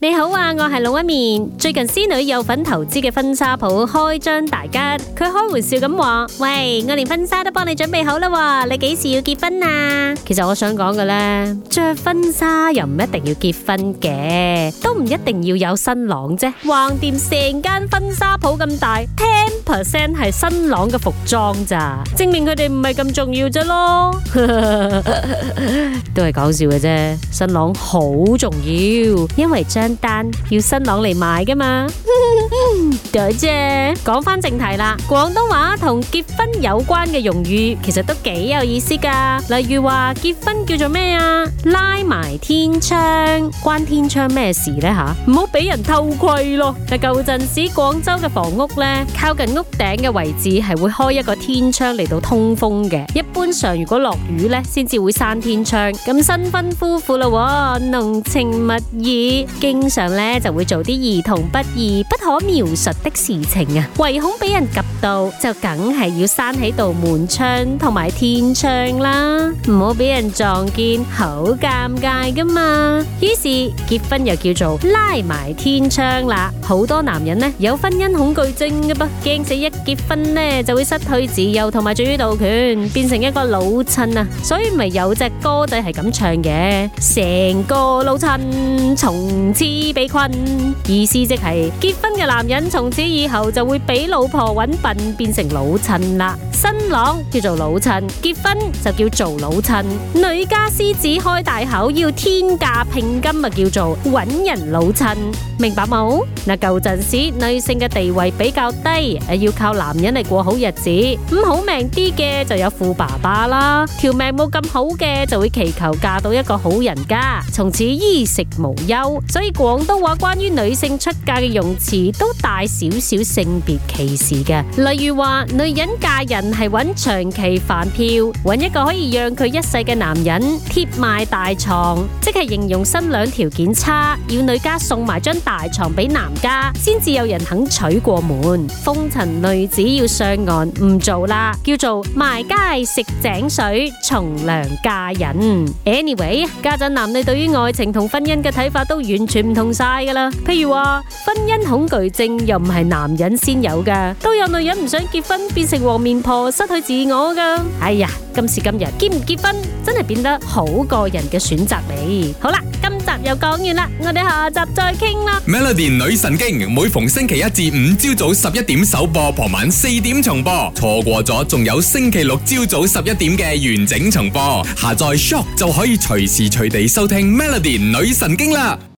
你好啊，我係老一面。最近仙女有份投資嘅婚紗鋪開張大吉，佢開玩笑咁話：喂，我連婚紗都幫你準備好啦，你幾時要結婚啊？其實我想講嘅呢，着婚紗又唔一定要結婚嘅，都唔一定要有新郎啫。橫掂成間婚紗鋪咁大，ten percent 係新郎嘅服裝咋，證明佢哋唔係咁重要啫咯。 都係講笑嘅啫，新郎好重要，因為單要新郎嚟買噶嘛，對啫。講翻正題啦，廣東話同結婚有關嘅用語其實都幾有意思噶。例如話結婚叫做咩啊？拉埋天窗，關天窗咩事咧吓？唔好俾人偷窺咯。但舊陣時廣州嘅房屋咧，靠近屋頂嘅位置係會開一個天窗嚟到通風嘅。一般上如果落雨咧，先至會閂天窗。咁新婚夫婦咯，濃情蜜意。經常咧就會做啲兒童不宜、不可描述的事情啊，唯恐俾人及到，就梗係要閂喺度門窗同埋天窗啦，唔好俾人撞見，好尷尬噶嘛。於是結婚又叫做拉埋天窗啦。好多男人呢，有婚姻恐懼症噶噃，驚死一結婚呢，就會失去自由同埋主導權，變成一個老襯啊。所以咪有隻歌仔係咁唱嘅，成個老襯從前被困，意思即係結婚嘅男人從此以後就會俾老婆揾笨，變成老襯啦，新郎叫做老襯，結婚就叫做老襯。女家獅子開大口要天價聘金咪叫做揾人老襯，明白冇？嗱，舊陣時女性嘅地位比較低，要靠男人嚟過好日子，咁好命啲嘅就有富爸爸啦，條命冇咁好嘅就會祈求嫁到一個好人家，從此衣食無憂，所以。廣東話關於女性出嫁嘅用詞都帶少少性別歧視嘅，例如話女人嫁人係揾長期飯票，揾一個可以讓佢一世嘅男人貼賣大床，即係形容新娘條件差，要女家送埋張大床俾男家，先至有人肯娶過門。風塵女子要上岸，唔做啦，叫做賣街食井水，從良嫁人。Anyway，家陣男女對於愛情同婚姻嘅睇法都完全。唔同晒噶啦，譬如話婚姻恐懼症又唔係男人先有噶，都有女人唔想結婚變成黃面婆，失去自我噶。哎呀，今時今日結唔結婚真係變得好個人嘅選擇你。好啦，今集又講完啦，我哋下集再傾啦。Melody 女神經每逢星期一至五朝早十一點首播，傍晚四點重播，錯過咗仲有星期六朝早十一點嘅完整重播。下載 Shock 就可以隨時隨地收聽 Melody 女神經啦。